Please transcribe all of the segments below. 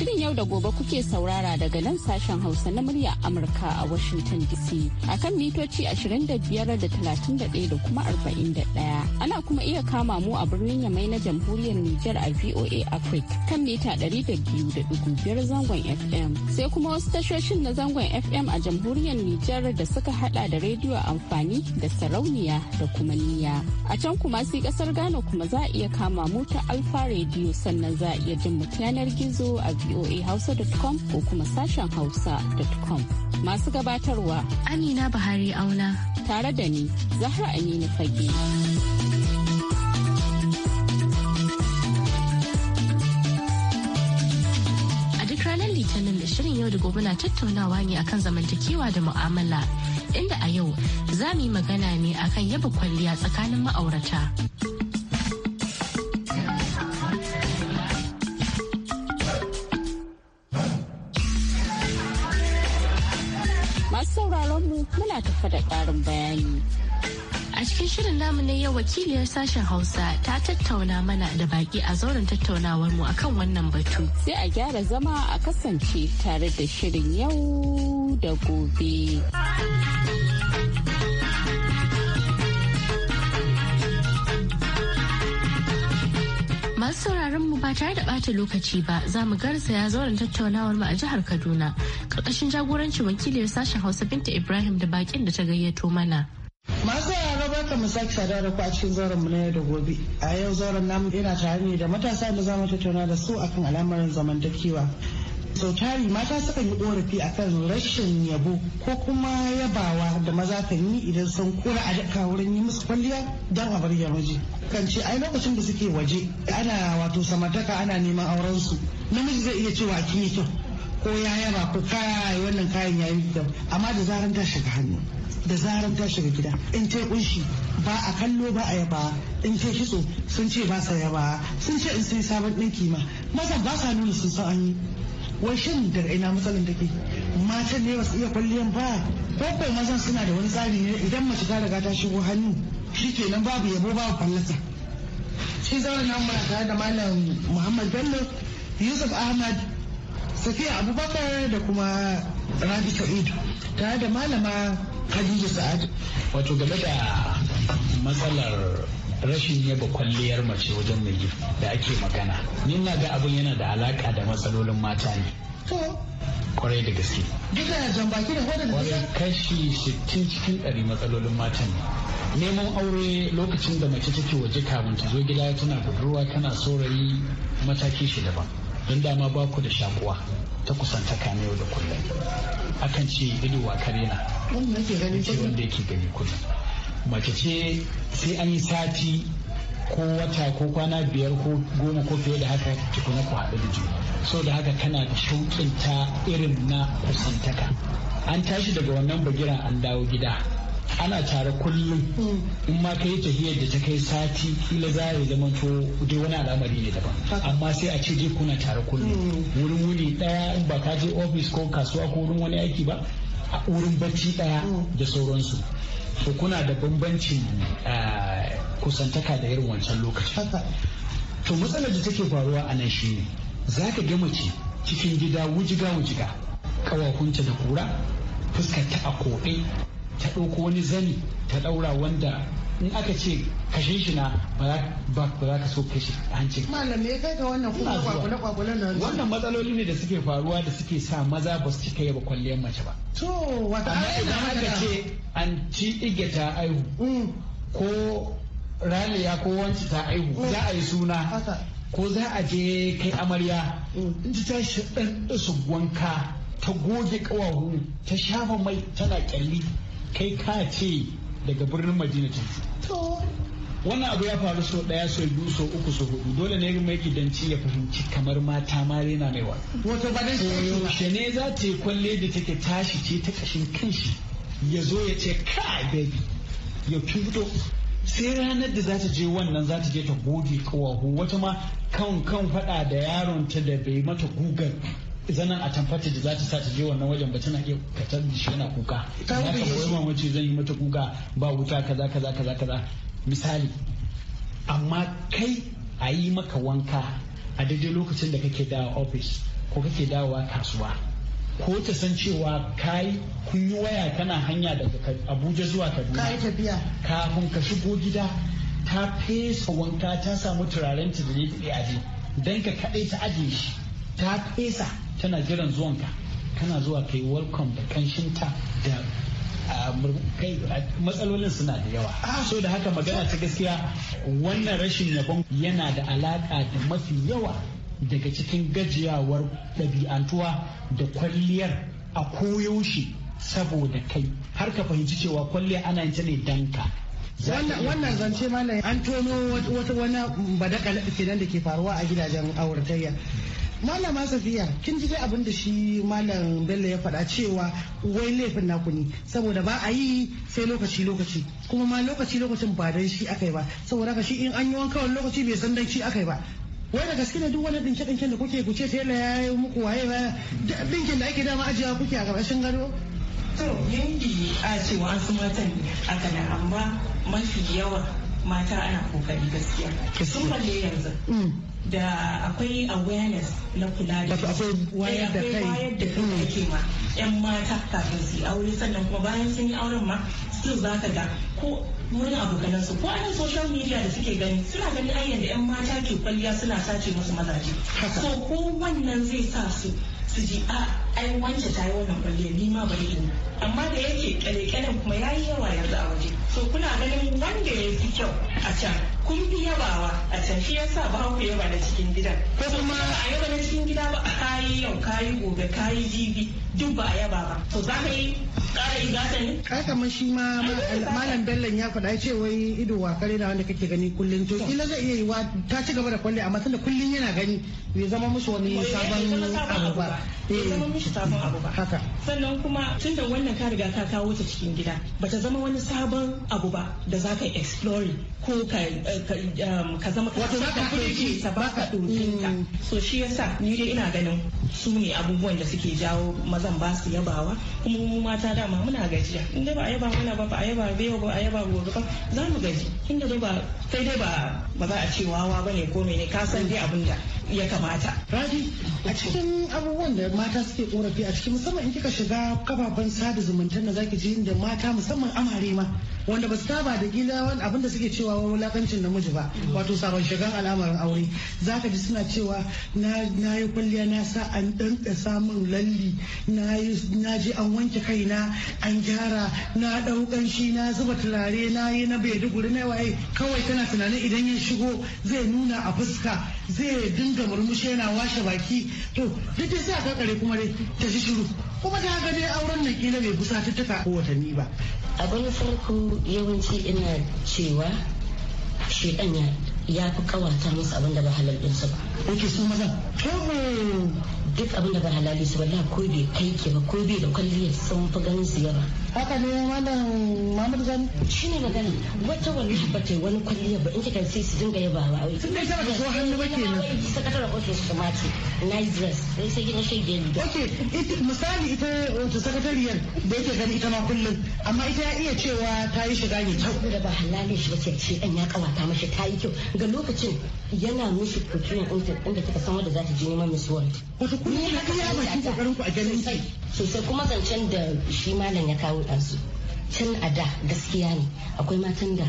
Shirin yau da gobe kuke saurara daga nan sashen Hausa na murya Amurka a Washington DC a kan mitoci 25.31 da kuma 41. Ana kuma iya kama mu a birnin Yamai na jamhuriyar Nijar a VOA Africa kan mita 200.5 zangon FM. Sai kuma wasu tashoshin na zangon FM a jamhuriyar Nijar da suka hada da rediyo amfani da sarauniya da kuma niya. A can kuma sai kasar Ghana kuma za a iya kama mu ta Alfa rediyo sannan za a iya jin mu yanar gizo a voahausa.com ko kuma sashen hausa.com. Masu gabatarwa Amina Buhari Auna. Tare da ni, Zahra Aminu Fage. A duk ranar Litinin da shirin yau da gobe na tattaunawa ne akan zamantakewa da mu'amala. Inda a yau za mu yi magana ne akan yaba kwalliya tsakanin ma'aurata. ƙarin bayani. A cikin shirin namu na yau wakiliyar sashen Hausa ta tattauna mana da baki a zauren tattaunawar mu akan wannan batu. Sai a gyara zama a kasance tare da shirin yau da gobe. Masu sauraron mu ba tare da bata lokaci ba za mu ya zauren tattaunawar mu a jihar Kaduna karkashin jagorancin wakiliyar sashen Hausa Binta Ibrahim da bakin da ta gayyato mana. Masu sauraron barka mu sake sada da ku a cikin zauren mu na yau da gobe. A yau zauren namu ina tare ne da matasa da za mu tattauna da su akan al'amarin zamantakewa. sau mata sukan yi korafi kan rashin yabo ko kuma yabawa da maza kan yi idan sun kura a daka wurin yi musu kwalliya don a bar waje kan ce ai lokacin da suke waje ana wato samartaka ana neman auren su namiji zai iya cewa kin yi kyau ko ya yaba ko kaya wannan kayan ya yi kyau amma da zaran ta shiga hannu da zaran ta shiga gida in ta kunshi ba a kallo ba a yaba in ce kitso sun ce ba sa yaba sun ce in sai sabon ɗinki ma maza ba sa nuna sun san an yi wai shin daga ina matsalar take matan ne ba su iya kwalliyan ba ko ko mazan suna da wani tsari ne idan mace ta riga ta shigo hannu shi nan babu yabo babu fallasa shi zaune na mura tare da malam muhammad bello yusuf ahmad safiya abubakar da kuma rabi Sa'id tare da malama khadija sa'ad wato game da matsalar rashin yaba kwalliyar mace wajen mai da ake magana ni na ga abin yana da alaka da matsalolin mata ne kwarai da gaske duka jan baki da da Kwarai kashi 60 cikin 100 matsalolin mata ne neman aure lokacin da mace take waje kafin ta zo gida tana budurwa tana saurayi mataki shi daban don dama ba ku da shakuwa ta kusanta kame yau da kullum akan ce ido wa karena wanda yake gani kullum mace ce sai an yi sati ko wata ko kwana biyar ko goma ko fiye da haka tukuna ku haɗu da juna so da haka tana da shauƙin ta irin na kusantaka an tashi daga wannan bagiran an dawo gida ana tare kullum mm. in ma kai tafiyar da ta kai sati kila za ya zama to dai wani al'amari ne daban amma sai a ce dai kuna tare kullum mm. wurin wuni ɗaya in ba ka je ofis ko kasuwa ko wurin wani aiki ba a wurin bacci ɗaya mm. da sauransu ko kuna da bambancin kusantaka da irin wancan lokaci to matsalar da take faruwa a nan shine za ka ga mace cikin gida wujiga wujiga kawakunta da kura fuskar ta a koɗe ta ɗauko wani zani ta ɗaura wanda in aka ce kashe shi na ba za ka so kashe hancin. Malam ya kai ga wannan kuma kwakwale kwakwale na Wannan matsaloli ne da suke faruwa da suke sa maza ba su cika yaba kwalliyar mace ba. To wata Amma aka ce an ci ta aihu mm. ko raliya ko wanci ta aihu mm. za a yi suna ko za a je kai amarya mm. in ji tashi dan su wanka ta goge kawahu ta shafa mai tana kyalli kai ka ce daga birnin madina wannan abu ya faru sau daya sau biyu sau uku sau hudu dole ne mai gidanci ya fahimci kamar mata ma rena mai wato ba dai shi ne za ta yi kwalle da take tashi ce ta kashin kanshi ya zo ya ce ka baby ya fito sai ranar da za ta je wannan za ta je ta goge kawahu wata ma kan kan fada da yaron ta da bai mata gugar zanen a tamfata da za ta sa ta je wannan wajen ba tana iya katar da shi yana kuka ta ka koyi mamaci zan yi mata kuka ba wuta kaza kaza kaza kaza misali amma kai a yi maka wanka a daidai lokacin da kake dawa ofis ko kake dawowa kasuwa ko ta san cewa kai kun yi waya kana hanya daga abuja zuwa kaduna kai tafiya kafin ka shigo gida ta fesa wanka ta samu turaren ta da ne a dan ka kaɗai ta ajiye shi ta fesa tana jiran zuwanka kana zuwa kai welcome da kanshinta da matsalolin suna da yawa so da haka magana ta gaskiya wannan rashin yabon yana da alaka da mafi yawa daga cikin gajiyawar ɗabi'antuwa da kwalliyar a koyaushe saboda kai har ka fahimci cewa kwalliya ana yin ta ne danka wannan zance malam an tono wata wani badakala kenan da ke faruwa a gidajen auratayya malam safiya kin ji dai abin da shi malam bello ya faɗa cewa wai laifin naku ne saboda ba a yi sai lokaci lokaci kuma ma lokaci lokacin ba dan shi akai ba saboda ka shi in an yi wankan lokaci bai san dan shi akai ba wai da gaske ne duk wani dinke dinke da kuke kuce sai la yi muku waye ba dinkin da ake dama ajiya kuke a ƙarshen gado to yanki a cewa an su matan a kana amma mafi yawa mata ana kokari gaskiya sun falle yanzu mm. da akwai awareness na kula da akwai wayar da kai mm. ma yan mata kafin su aure sannan kuma bayan sun yi auren ma su za ka ga ko wurin abokanan su ko anan social media da suke gani suna gani ayyan da yan mata ke kwalliya suna sace masu mazaje so ko wannan zai sa su su ji a ah, ai wanke ta yi wannan kwalliya ni ma bari amma da yake kyale-kyalen kuma yayi yawa yanzu a waje to kuna ganin wanda ya fi kyau a can kun fi yabawa a can shi yasa ba ku yaba na cikin gidan ko kuma a yaba na cikin gida ba a kayi yau kayi gobe kayi jibi duk ba a yaba ba to za ka yi kara yi gata ne kai kama shi ma malam Bello ya faɗa ce wai ido wa kare na wanda kake gani kullum. to kila zai iya yi wa ta ci gaba da kwalle amma tunda kullum yana gani bai zama musu wani sabon abu ba bai eh. zama musu sabon abu ba haka sannan kuma tunda wannan ka riga ka kawo ta cikin gida ba ta zama wani sabon abu ba da za ka exploring ko ka eh, Um, ka zama wato za ka kuɗi ta ba ka ɗokinta mm. so shi yasa ni dai ina ganin su ne abubuwan da suke jawo mazan ba su yabawa kuma mu mata dama muna gajiya in dai ba a yaba mana ba ba a yaba yau ba a yaba gobe ba za mu gaji inda dai ba sai dai ba ba za a ce wawa ba ne ko mene ka san dai abin da ya kamata. Raji, a cikin abubuwan da mata suke korafi a cikin musamman in kika shiga kafafen sada zumunta da zaki ji inda mata musamman amare ma wanda ba su taba da gila abinda suke cewa wani wulakancin namiji ba wato sabon shigan al'amarin aure za ka ji suna cewa na yi kwalliya na sa an ɗanɗa samun lalli na je an wanke kaina an gyara na ɗaukan shi na zuba turare na yi na bai duguri na waye kawai tana tunanin idan ya shigo zai nuna a fuska zai dinga murmushi yana washe baki to duk da sai a kakare kuma dai ta shi shiru kuma ta ga auren na kila bai kusa taka ko watanni ba abin farko yawanci ina cewa shedan ya ya fi kawata musu abin da ba halal ɗinsu ba. Yake su maza? Duk abin da ba halali su wallahi ko bai kai ke ba ko bai da kwalliyar sun fi ganin su yaba. haka ne malam Muhammad Gani ne magana wata wallahi ba ta wani kwalliya ba in kika sai su dinga yaba ba wai tun da ta zo hannu ba kenan sakatare office kuma ce nice dress sai sai gidan shege ne okay misali ita wata sakatariyar da yake gani ita ma kullum amma ita ya iya cewa ta yi shiga ne kyau da ba halalin shi bace ce dan ya kawata mashi ta yi kyau ga lokacin yana mishi kuturin inda kika san wanda za ta je neman Miss World wato kullum ya iya bakin kokarin ku a ganin sai sosai kuma zancen da shi malam ya kawo yau can a da gaskiya ne akwai matan da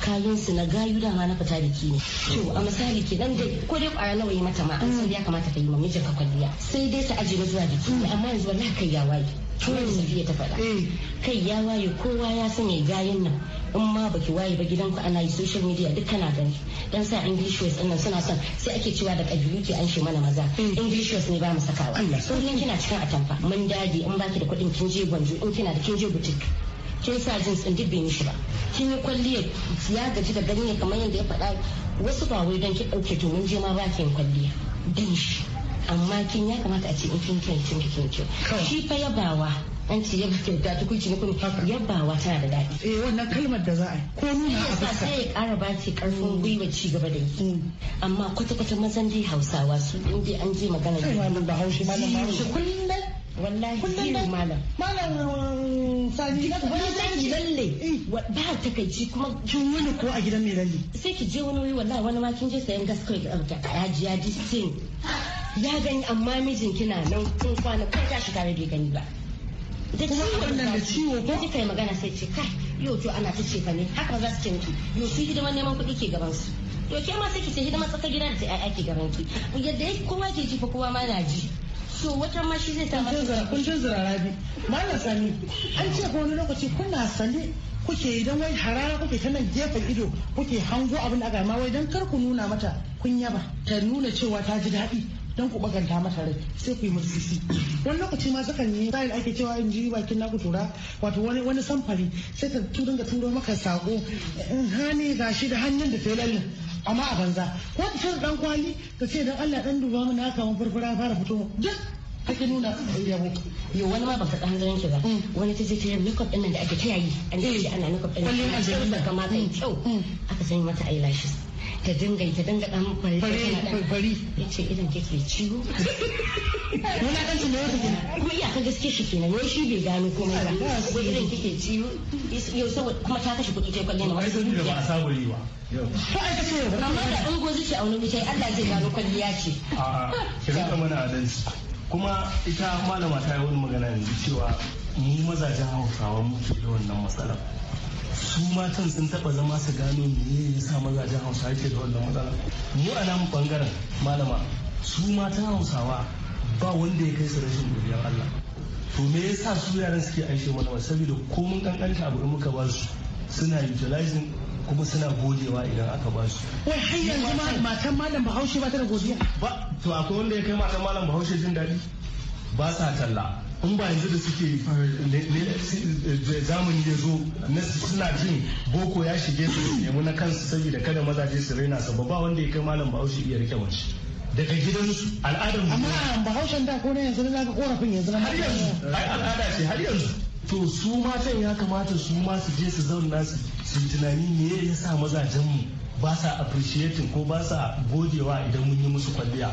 kayan su na gayu dama na fita da ne to a misali ke dan dai ko dai kwaya nawa yi mata ma an san ya kamata ka yi ma mijinka kwalliya sai dai ta ajiye zuwa da ne amma yanzu wallahi kai ya waye da safiya ta faɗa mm. kai ya waye kowa ya sanya gayan nan in ma baki waye ba gidanku ana yi social media duk kana gani dan sa english words din nan suna son sai ake cewa da kabilu ke an mana maza mm. english words ne ba mu sakawa sun kina cikin atamfa mun dage in baki da kuɗin kin je gwanjo in kina da kin je butik kin sa jins din duk bai shi ba kin yi kwalliya ya gaji da gani ne kamar yadda ya faɗa wasu ba wai don ki dauke to mun je ma ba kin kwalliya din shi amma kin ya kamata a ce in kin kin kin kin shi fa yabawa an ce ya kyauta tukunci ya kuma yabawa tana da daɗi. Eh wannan kalmar da za a ko nuna a fuska. Sai ya ƙara ba ce ƙarfin mm. gwiwa ci gaba da yi. Mm. Amma kwata-kwata mazan dai Hausawa su in dai an je magana. da malam Bahaushe malam Bahaushe kullum wallahi kullum malam. Malam um, Sani. Wani sani lalle. Eh. Ba takaici kuma. Kin wani ko a gidan mai lalle. Sai ki je wani wuri wallahi wani ma kin je sayan gas kawai ka ɗauka yaji yaji sin. Ya gani amma mijin kina nan kun kwana kun tashi tare bai gani ba. da ciwo wannan da ciwo ko kika yi magana sai ce kai yau to ana ta ce fa ne haka ba za su ce miki yau su hidimar neman kuɗi ke gaban su to ke ma sai ki ce hidimar tsakar gida da ta ƴaƴa gaban ki yadda kowa ke ji fa kowa ma na ji so wata ma shi zai ta masa kun jin zira rabi malam sani an ce ko wani lokaci kuna sane kuke idan wai harara kuke ta nan gefen ido kuke hango abin da aka ma wai dan kar ku nuna mata kunya ba ta nuna cewa ta ji daɗi don ku baganta mata rai sai ku yi musu wani lokaci ma zakan yi bayan ake cewa in ji bakin naku tura wato wani wani samfari sai ta turin ga turo maka sako in hane gashi da hannun da ta lallin amma a banza ko ta shirin dan kwali ka ce dan Allah dan duba mana ka mun furfura fara fito duk kake nuna yabo yo wani ma ka dan ganin ki ba mm. wani ta ce ta yi makeup din nan da ake ta yayi an ce eh. ana makeup din nan kamar kai mm. kyau mm. aka sanya mata eyelashes ta dinga ta dinga dan fari fari yace idan kike ciwo Muna kan su wata kuma kuma iyaka gaske shi kenan wai shi bai gano komai ba ko idan kike ciwo yau saboda kuma ta kashe kuɗi ta kwalle na wai sabu ba sabu yi ba ko ai kace yau amma da dan gozi ce a wani mutai Allah zai gano kwalliya ce a ki rinka mana adalci kuma ita malama ta yi wani magana yanzu cewa mu mazajen hausawa muke da wannan matsalar su matan sun taba zama su gano me ya sa mazajen hausa yake da wannan matsala mu a namu bangaren malama su matan hausawa ba wanda ya kai su rashin godiyar Allah to me yasa su yaran suke aishe mana saboda ko mun kankanta abu muka ba su suna utilizing kuma suna godewa idan aka ba su. Wai har yanzu matan malam Bahaushe ba ta da godiya. Ba to akwai wanda ya kai matan malam Bahaushe jin daɗi? Ba sa talla. in ba yanzu da suke eh, eh, zamani ya zo na suna jin boko ya shige su nemi na kansu saboda kada mazaje su raina su ba wanda ya kai malam bahaushe iya rike mace daga gidansu al'adar mu amma bahaushen da ko na yanzu na ga korafin yanzu na har yanzu al'ada ce har yanzu to su matan ya kamata su ma su je su zauna su tunani me ya sa mazajen mu ba sa appreciating ko ba sa godewa idan mun yi musu kwalliya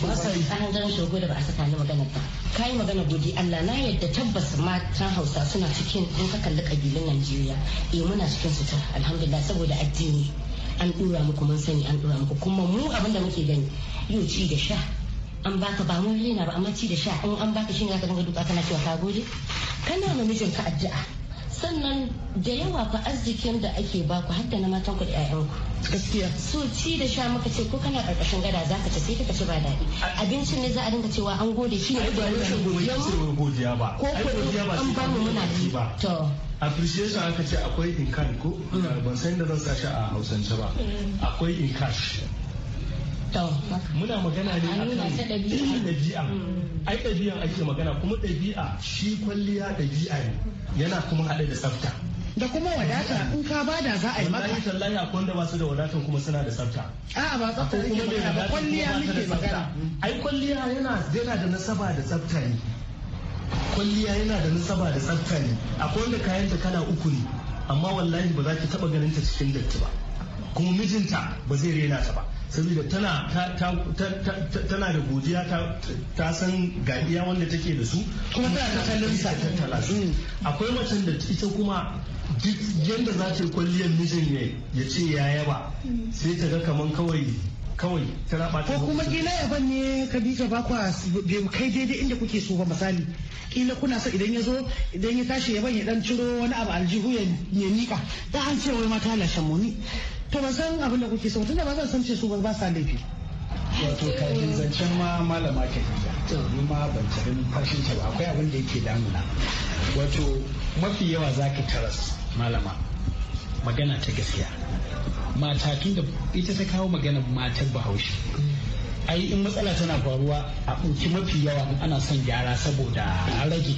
ba sa yi an zan shogo da ba a saka ni magana ba kai magana godi Allah na yadda tabbas matan Hausa suna cikin in ka kalli kabilan Najeriya eh muna cikin su ta alhamdulillah saboda addini an dora muku mun sani an dora muku kuma mu abin da muke gani yau ci da sha an baka ba mun rena ba amma ci da sha in an baka shi ne zaka dinga duka kana cewa ka gode kana namijin ka addu'a sannan da yawa fa arzikin da ake baku har da na matan ku da 'ya'yanku. ku gaskiya so ci da sha muka ce ko kana karkashin gada za ka ci sai ka ci ba daɗi abincin ne za a dinga cewa an gode shi ne da rashin godiya ba ko ko an ba mu muna ci ba to appreciation aka ce akwai in ko mm. ban san da zan sa a hausance ba mm. akwai in cash muna magana ne akan ɗabi'a mm. ai ɗabi'a ake magana kuma ɗabi'a shi kwalliya ɗabi'a ne yana kuma haɗe da tsafta da kuma wadata in ka bada za a yi maka. Wallahi tallahi akwai wanda ba su da wadatan kuma suna da tsafta. a ba tsafta yake magana ba kwalliya muke magana. Ai kwalliya yana yana da nasaba da tsafta ne. Kwalliya yana da nasaba da tsafta ne. Akwai wanda kayan ta kala uku ne amma wallahi ba za ki taba ganin ta cikin datti ba. Kuma mijinta ba zai rena ta ba. saboda tana tana da godiya ta san ga wanda take da su kuma tana ta kallon sa tattala su mm. akwai macen da ita kuma duk yadda za ta yi kwalliyar mijin ne ya ce ya yaba sai ta ga kaman kawai kawai tana ba ko kuma kila yaban ne bi ba bakwa kai daidai inda kuke so ba misali kila kuna so idan ya zo idan ya tashi yaban ya dan ciro wani abu aljihu ya nika da an ce wai mata lashe muni to ban san abin da kuke so tunda ba zan san ce su ba sa laifi wato kafin zancen ma malama ta ni ma ban tarin fashin ta ba akwai abin da yake damuna wato mafi yawa za ka taras malama magana ta gaskiya mata tun da ita ta kawo magana matar bahaushe ai in matsala tana faruwa a ɗauki mafi yawa ana son gyara saboda a rage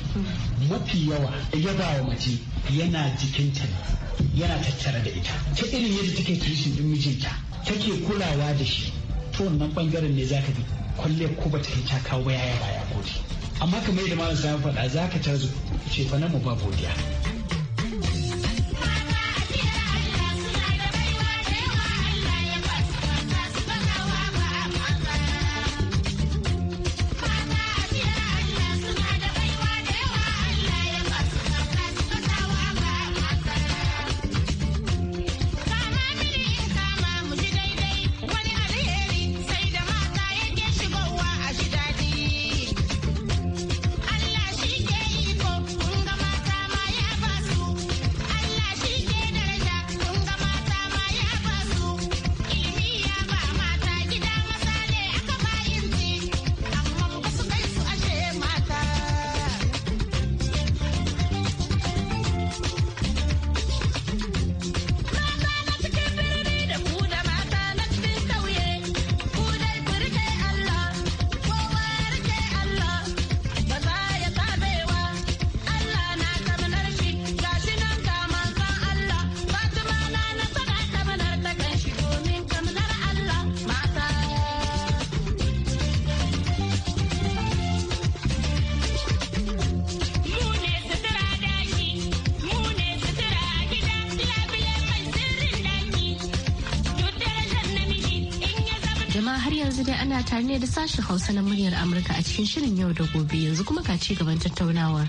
mafi yawa ba wa mace yana jikinta ne yana tattara da ita ta irin yadda take tushen din mijinta take kulawa da shi to wannan bangaren ne zaka ga kwalle ko ba ta yi ta kawo ba yaya baya gode amma kamar yadda malam sai faɗa zaka tarzu ce fa mu ba godiya ana tare ne da sashen Hausa na muryar Amurka a cikin shirin yau da gobe yanzu kuma ka ci gaban tattaunawa.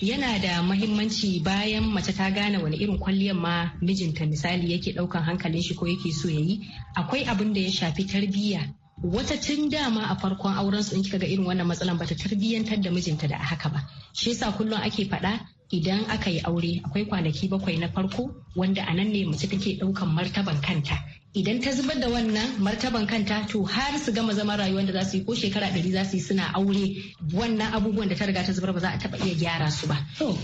Yana da mahimmanci bayan mace ta gane wani irin kwalliyar ma mijinta misali yake daukan hankalin shi ko yake so ya yi akwai abin da ya shafi tarbiyya wata tun dama a farkon auren su in kika ga irin wannan matsalan bata tarbiyyantar da mijinta da haka ba shi yasa kullum ake faɗa idan aka yi aure akwai kwanaki bakwai na farko wanda a nan ne mace take ɗaukan martaban kanta idan ta zubar da wannan martaban kanta to har su gama zama rayuwar da za su yi ko shekara ɗari za su yi suna aure wannan abubuwan da ta riga ta zubar ba za a taɓa iya gyara su ba.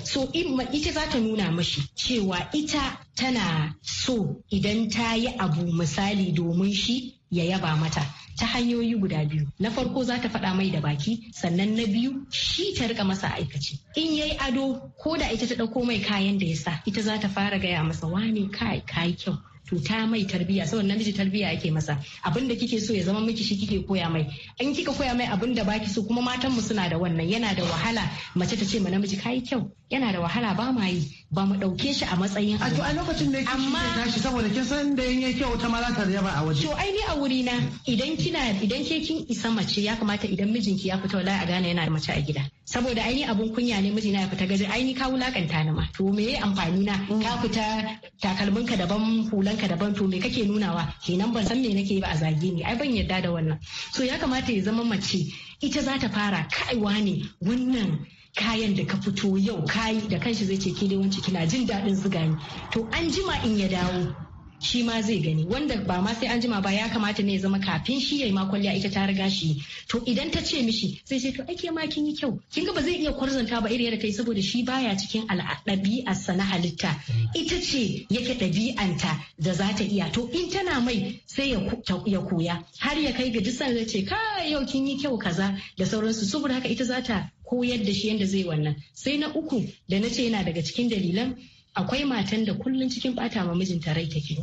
So ita za ta nuna mashi cewa ita tana so idan ta yi abu misali domin shi ya yaba mata ta hanyoyi guda biyu na farko za ta faɗa mai da baki sannan na biyu shi ta rika masa aikace in yayi ado ko da ita ta ɗauko mai kayan da ya sa ita za ta fara gaya masa wane kai kai kyau to mai tarbiya saboda namiji tarbiya yake masa abin da kike so ya zama miki shi kike koya mai in kika koya mai abin da baki so kuma matan mu suna da wannan yana da wahala mace ta ce ma namiji kai kyau yana da wahala ba ma yi ba mu dauke shi a matsayin a to a lokacin da amma tashi saboda kin san da yin kyau ta ma ta yaba a waje to ai ni a wuri na idan kina idan ke kin isa mace ya kamata idan mijinki ya fita wallahi a gane yana da mace a gida saboda ai ni abun kunya ne na ya fita gaji ai ni ka wulakanta ni ma to me amfani na ka fita takalmin takalminka daban hulan ka daban to me kake nunawa kenan ban san me nake ba a zage ni ai ban yadda da wannan so ya kamata ya zama mace ita za ta fara kaiwa ne wannan kayan da ka fito yau kayi da kanshi zai ce ke dai wance kina jin daɗin zuga ni to an jima in ya dawo shi ma zai gani wanda ba ma sai an jima ba ya kamata ne ya zama kafin shi yayi ma kwalliya ita ta riga shi to idan ta ce mishi sai ce to ake ma kin yi kyau kin ga ba zai iya kwarzanta ba irin yadda kai saboda shi baya cikin ɗabi'ar sa na halitta ita ce yake ɗabi'anta da za ta iya to in tana mai sai ya koya har ya kai ga dusan zai ce kai yau kin yi kyau kaza da sauransu saboda haka ita za ta koyar da shi yadda zai wannan sai na uku da na ce yana daga cikin dalilan akwai matan da kullun cikin bata ma mijinta rai take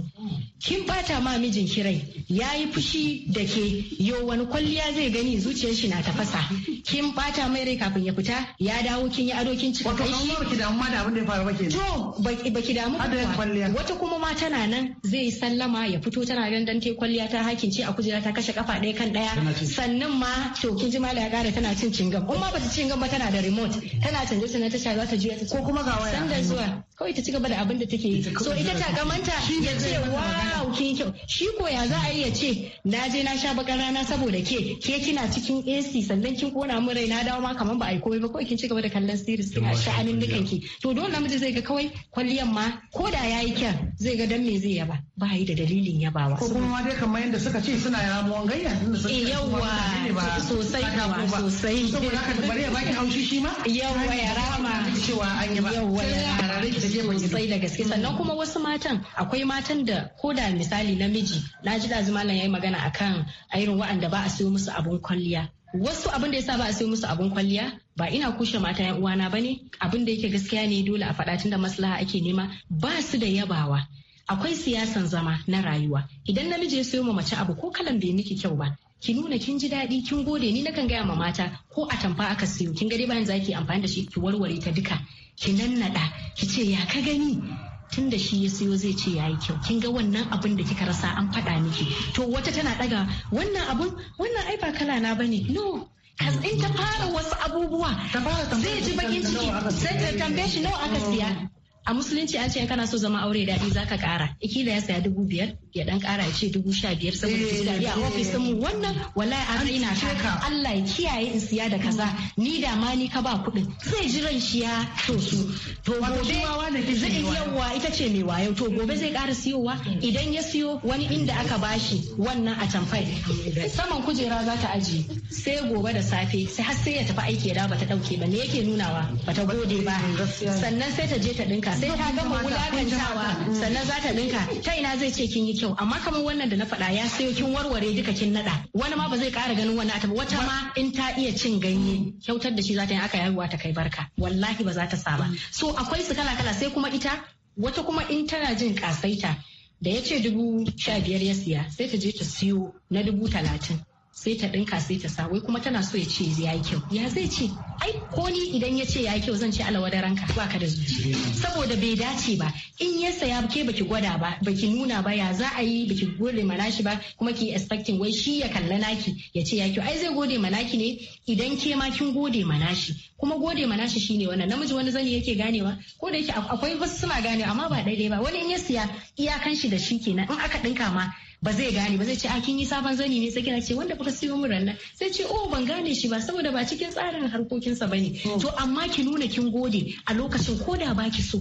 kin bata ma mijin ki rai yayi fushi da ke yo wani kwalliya zai gani zuciyar shi na tafasa kin bata mai rai kafin ya fita ya dawo kin yi ado kin cika kai shi wato ki damu ma da abin da ya faru ba to baki damu wata kuma ma tana nan zai sallama ya fito tana ganin dan te kwalliya ta hakin ce a kujera ta kashe kafa ɗaya kan ɗaya sannan ma to kin ji mala ya gara tana cin cingam ba ba bata cingam ba tana da remote tana canje canje ta za ta juya ta ko kuma ga waya sanda zuwa kawai ta ci gaba da abin da take yi so ita ta kamanta ya ce wow ke kyau shi ko ya za a iya ce na je na sha bakar rana saboda ke ke kina cikin AC sannan kin kona mun rai na dawo ma kaman ba a yi komai ba kawai kin ci gaba da kallon series a sha'anin dukan ki to dole namiji zai ga kawai kwalliyan ma ko da yayi kyan zai ga dan me zai yaba ba yi da dalilin yabawa ko kuma dai kamar yadda suka ce suna ramuwan gayya tunda suka eh, yawa sosai kawa sosai saboda haka bari ya baki haushi shi ma yawa ya rama cewa an yi ba yawa ya rama sosai da gaske sannan kuma wasu matan akwai matan da ko da misali namiji na ji zuma malam yayi magana akan irin waɗanda ba a siyo musu abun kwalliya wasu abin da yasa ba a siyo musu abun kwalliya ba ina kushe mata yan uwana bane abin da yake gaskiya ne dole a faɗa da maslaha ake nema ba su da yabawa akwai siyasan zama na rayuwa idan namiji ya siyo ma mace abu ko kalan bai miki kyau ba ki nuna kin ji daɗi kin gode ni nakan gaya ma mata ko a tamfa aka siyo kin ga dai bayan zaki amfani da shi ki warware ta duka ki nannaɗa ki ce ya ka gani tun da shi ya siyo zai ce ya yi kyau kin ga wannan abin da kika rasa an faɗa miki to wata tana ɗaga wannan abun wannan ai ba kala na bane no in ta fara wasu abubuwa zai ji bakin ciki sai ta tambaye shi nawa aka siya a musulunci an ce in kana so zama aure daɗi zaka ƙara ikila ya saya dubu biyar ya dan ƙara ya ce dubu sha biyar saboda su eh, dariya a ofis mu wannan wallahi an raina ka Allah ya kiyaye in siya da kaza ni da ma ni ka ba kuɗi. zai ji ran shi ya to su to gobe zai yawa ita ce mai wayo to gobe zai ƙara siyowa idan ya siyo wani inda aka bashi wannan a tamfai saman kujera za ta aji. sai gobe da safe sai har sai ya tafi aiki ya dawo bata ɗauke ba ne yake nunawa bata gode ba sannan sai ta je ta ɗinka sai ta gama wulakantawa sannan za ta ninka ta ina zai ce kin yi kyau amma kamar wannan da na faɗa ya sayo kin warware duka kin nada wani ma ba zai ƙara ganin wani ata wata ma in ta iya cin ganye kyautar da shi za ta yi aka yaruwa ta kai barka wallahi ba za ta saba so akwai su kala kala sai kuma ita wata kuma in tana jin kasaita da ya ce dubu sha biyar ya siya sai ta je ta siyo na dubu talatin sai ta ɗinka sai ta sa wai kuma tana so ya ce ya yi kyau ya zai ce ai ko ni idan ya ce ya yi kyau zan ce alawa da ranka ba ka da zuci saboda bai dace ba in ya saya ke baki gwada ba baki nuna ba ya za a yi baki gode mana shi ba kuma ki expecting wai shi ya kalla naki ya ce ya kyau ai zai gode mana ki ne idan ke ma kin gode mana shi kuma gode mana shi shine wannan namiji wani zani yake ganewa ko da yake akwai wasu suna ganewa amma ba daidai ba wani in ya siya iyakan shi da shi kenan in aka ɗinka ma ba zai gane ba zai ce a kin yi sabon zani ne sai kina ce wanda kuka siyo min ranna sai ce oh ban gane shi ba saboda ba cikin tsarin harkokinsa bane oh. to amma ki nuna kin gode a lokacin ko da baki so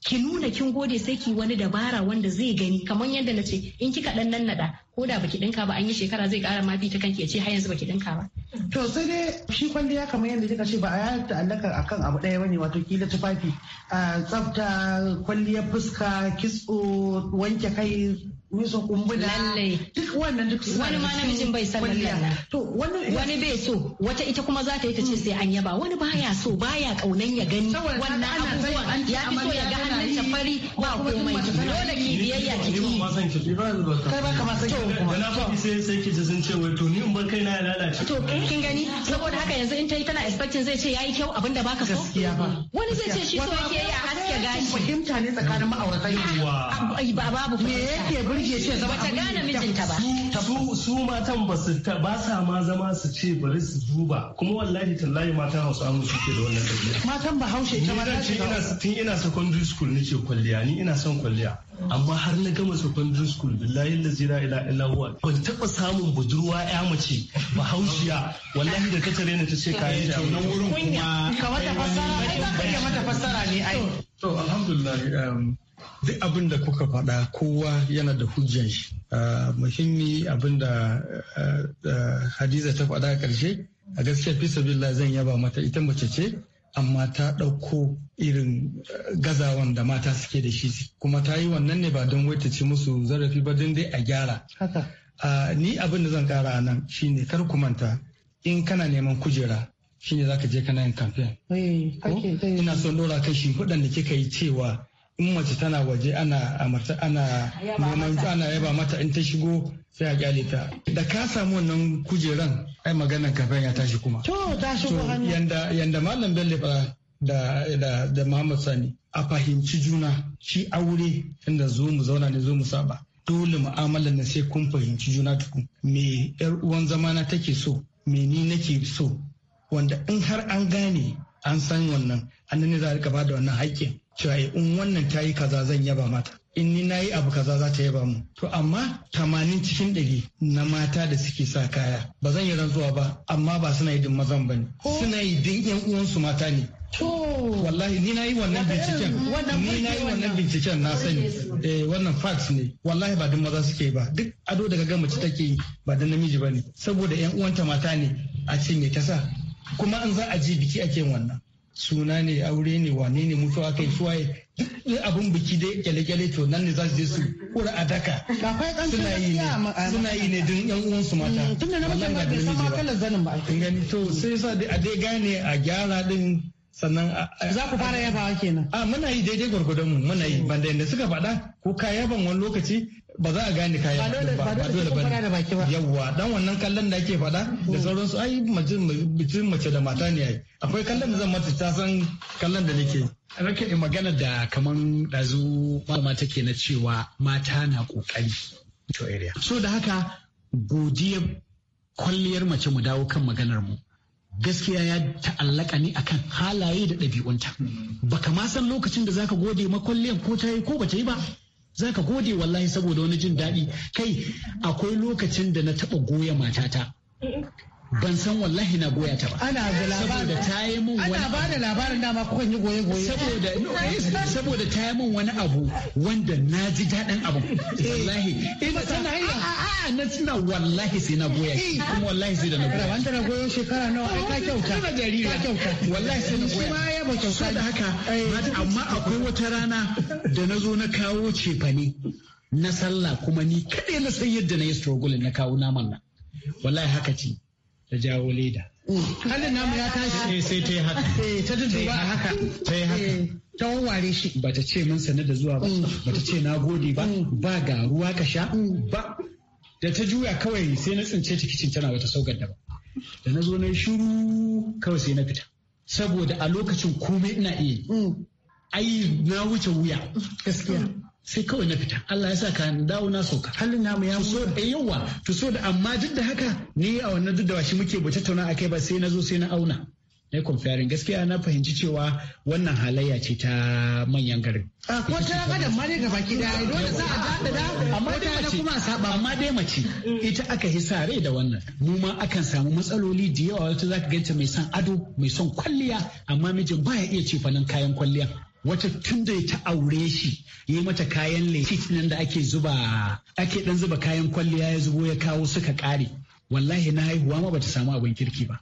ki nuna kin gode sai ki wani dabara wanda zai gani kamar yadda na ce in kika dan nan nada ko da baki dinka ba an yi shekara zai kara mafi ta kanki ya ce har yanzu baki dinka ba to sai dai shi kwalliya kamar yadda kika ce ba a ya ta'allaka akan abu daya bane wato kila tufafi ah, tsafta kwalliyar fuska kitso wanke kai wiso kumbula duk wannan duk wani ma namijin bai san lalla to wani wani bai so wata ita kuma za ta yi ta ce sai an yaba wani baya so baya kaunan ya gani wannan abubuwan ya fi so ya ga hannun ta fari ba komai dole ki biyayya ki ki kai ba ka san ki kuma na faɗi sai sai ki sun ce wai to ni in bar kai na ya lalace to kin gani saboda haka yanzu in ta yi tana expecting zai ce yayi kyau abinda baka so wani zai ce shi so yake ya haske gashi fahimta ne tsakanin ma'auratan ba babu me yake miji ya ce zama abin gane mijinta ba su su matan ba su ba sa ma zama su ce bari su duba kuma wallahi tallahi matan Hausa mu suke da wannan dabi'a matan ba haushe ta mata ce ina tun ina secondary school nake kwalliya ni ina son kwalliya amma har na gama secondary school billahi lazira ila illa huwa ban taba samun budurwa ya mace bahaushiya wallahi da ta tare ni ta ce kayan ta nan wurin kuma ka mata fassara ai ba ka mata fassara ne ai to alhamdulillah um, duk abin da kuka faɗa kowa yana da hujjan shi muhimmi abin da hadiza ta faɗa a ƙarshe a gaskiya fi sabila zan yaba mata ita mace ce amma ta ɗauko irin gazawan da mata suke da shi kuma ta yi wannan ne ba don ta ci musu zarafi ba don dai a gyara ni abin da zan kara nan shine kar ku manta in kana neman kujera shine zaka je kana yin eh, kamfen ina son dora kai shi da kika yi cewa in mace tana waje ana amarta ana neman ana yaba mata in ta shigo sai a kyale ta da ka samu wannan kujeran ai maganan kafin ya tashi kuma to ta shigo yanda yanda malam bello fara da da da Muhammad Sani a fahimci juna shi aure tunda zo mu zauna ne zo mu saba dole mu'amalar na sai kun fahimci juna tukun me yar uwan zamana take so me ni nake so wanda in har an gane an san wannan an ne za a rika bada wannan haƙƙin cewa eh, in wannan ta yi kaza zan yaba mata in ni na yi abu kaza za ta yaba mu to amma tamanin cikin ɗari na mata da suke sa kaya ba zan yi rantsuwa ba amma ba suna yi din mazan ba ne suna yi din yan uwansu mata ne wallahi ni na yi wannan binciken ni na yi wannan binciken na sani eh wannan facts ne wallahi ba din maza suke ba duk ado daga ga mace take yi ba da namiji ba ne saboda yan uwanta mata ne a ce me ta sa kuma an za a ji biki ake wannan suna ne aure ne wane ne mutuwa kai suwaye duk abin biki dai kyale-kyale to nan ne za su je su kura a daka suna yi ne suna yi ne don yan uwan su mata mm, tun da namijin ba bai zanin ba kin gani to sai sa a dai gane a gyara din sannan za ku fara yabawa kenan a muna yi daidai gwargwadon mu muna yi banda yanda suka faɗa ko ka yaban wani lokaci ba za a gane kayan ba dole ba yawwa dan wannan kallon da ake faɗa da sauransu ai bitin mace da mata ne ai akwai kallon da zan mata ta san kallon da nake rake eh, magana da kaman ɗazu malama take na cewa mata na kokari to area so da haka godiya kwalliyar mace mu dawo kan maganar mu gaskiya ya ta'allaka ne akan halaye da ɗabi'unta baka ma san lokacin da zaka gode makwalliyar ko ta yi ko bata yi ba zan ka gode wallahi saboda wani jin daɗi kai akwai lokacin da na taɓa goya matata ban san wallahi na goya ta ba ana da labarin saboda ta yi min wani ana ba da labarin dama kukan yi goye goye saboda saboda ta yi min wani abu wanda na ji daɗin abu eh. wallahi ina tana a na suna wallahi sai na goya ki? kuma wallahi sai da na goya wanda na goyo shekara nawa ai ka kyauta ka kyauta wallahi sai na goya ma ya ba kyauta da haka amma akwai wata rana da na zo na kawo cefane na sallah kuma ni kadai na san yadda na yi struggle na kawo naman nan wallahi haka ce ta jawo leda hannun namu ya tashi eh, sai ta yi haka eh, ta ba haka ta yi haka eh, ta wawware shi Ba ta ce mun sanar da zuwa ba mm. Ba ta ce na gode ba mm. ba ga ruwa ka sha mm. ba da ta juya kawai sai na tsince ta kicin tana wata saukar ba da na zo na yi shiru kawai sai na fita saboda a lokacin komai ina iya mm. ai na wuce wuya gaskiya sai kawai na fita Allah ya sa ka dawo na sauka halin namu ya so da eh, yawa to so da amma duk da haka ni a wannan duk da washi muke ba tattauna kai ba sai na zo sai na auna na comparing gaskiya na fahimci cewa wannan halayya ce ta manyan garin. Ah, ko ta kada ne gaba ki da dole za a da amma dai mace kuma saba amma dai mace ita aka yi sa rai da wannan mu ma akan samu matsaloli da yawa wata zaka ganta mai son ado mai son kwalliya amma mijin baya iya ce fanin kayan kwalliya wata tun da ta aure shi yi mata kayan lefi nan da ake zuba ake dan zuba kayan kwalliya ya zubo ya kawo suka kare wallahi na haihuwa ma bata samu abin kirki ba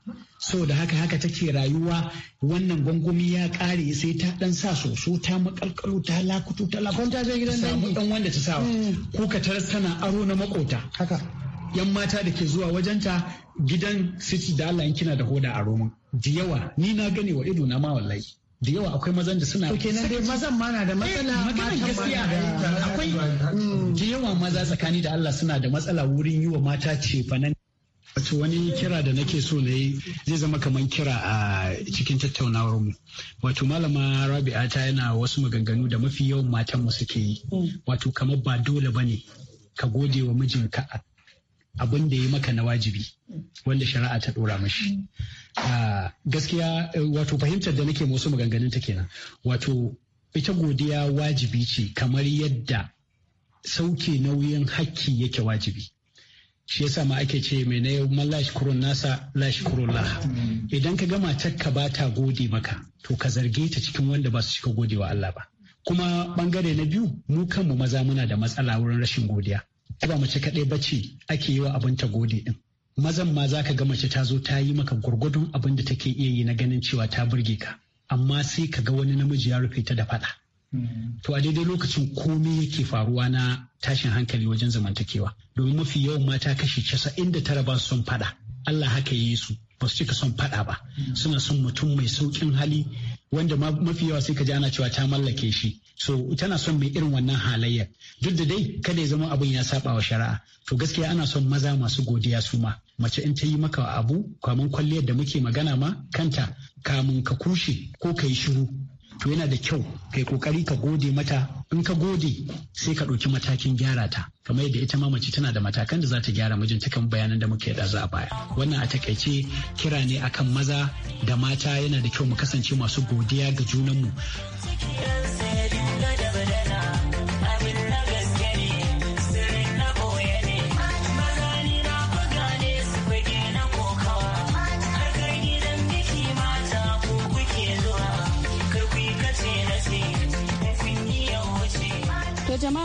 da haka haka take rayuwa wannan gwangwami ya kare sai ta dan sa soso ta makalkalo ta lakutu ta lakutu ta gidan dangi. dan wanda ta sawa hmm. ko ka taras tana aro na makota haka yan mata da ke zuwa wajenta gidan city da Allah kina da hoda a Roman da yawa ni na gane wa ido na ma wallahi da yawa akwai mazan da suna to nan dai mazan ma na da matsala eh, matan gaskiya eh, akwai hmm. da yawa maza tsakani da Allah suna da matsala wurin yi wa mata cefanan Wato wani kira da nake so na yi zai zama kamar kira a cikin tattaunawar mu. Wato malama Rabi'a ta yana wasu maganganu da mafi yawan matan mu suke yi. Wato kamar ba dole ba ne ka gode wa mijinka abin da ya maka na wajibi wanda shari'a ta dora mashi. Gaskiya wato fahimtar da nake wasu maganganun ta kenan. Wato ita godiya wajibi ce kamar yadda sauke nauyin hakki yake wajibi. shi yasa ma ake ce mai na man lashi kurun nasa lashi kurun laha mm. idan ka gama takka ba ta gode maka to ka zarge ta cikin wanda ba su cika gode wa Allah ba kuma bangare na biyu mu kanmu maza muna da matsala wurin rashin godiya ba mace kaɗai bace ake yi wa abin ta gode din mazan ma za ka ga mace ta zo ta yi maka gwargwadon abin da take iya yi na ganin cewa ta burge ka amma sai ka ga wani namiji ya rufe ta da faɗa to a daidai lokacin komai yake faruwa na tashin hankali wajen zamantakewa domin mafi yawan mata kashi casa'in da tara ba son fada Allah haka ya yi su ba su cika son fada ba suna son mutum mai sauƙin hali wanda mafi yawa sai ka ji ana cewa ta mallake shi so tana son mai irin wannan halayyar duk da dai kada ya zama abin ya saba wa shari'a to gaskiya ana son maza masu godiya su ma mace in ta yi maka abu kamun kwalliyar da muke magana ma kanta kamun ka kushe ko ka yi shiru to yana da kyau kai kokari ka gode mata in ka gode sai ka ɗauki matakin gyara ta kamar yadda ita mamaci tana da matakan da za ta gyara mijinta kan bayanan da muke da a baya wannan a takaice kira ne akan maza da mata yana da kyau mu kasance masu godiya ga junanmu.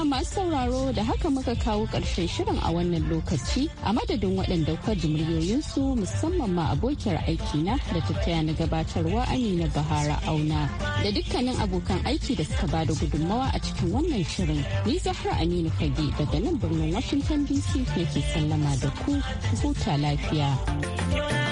masu sauraro da haka muka kawo ƙarshen shirin a wannan lokaci a madadin waɗanda kwa muryoyinsu musamman ma abokiyar aikina da tattaya na gabatarwa Amina Bahara Auna da dukkanin abokan aiki da suka bada gudunmawa a cikin wannan shirin. Ni Zahra Aminu Fage daga nan birnin Washington DC ke sallama da ku huta lafiya.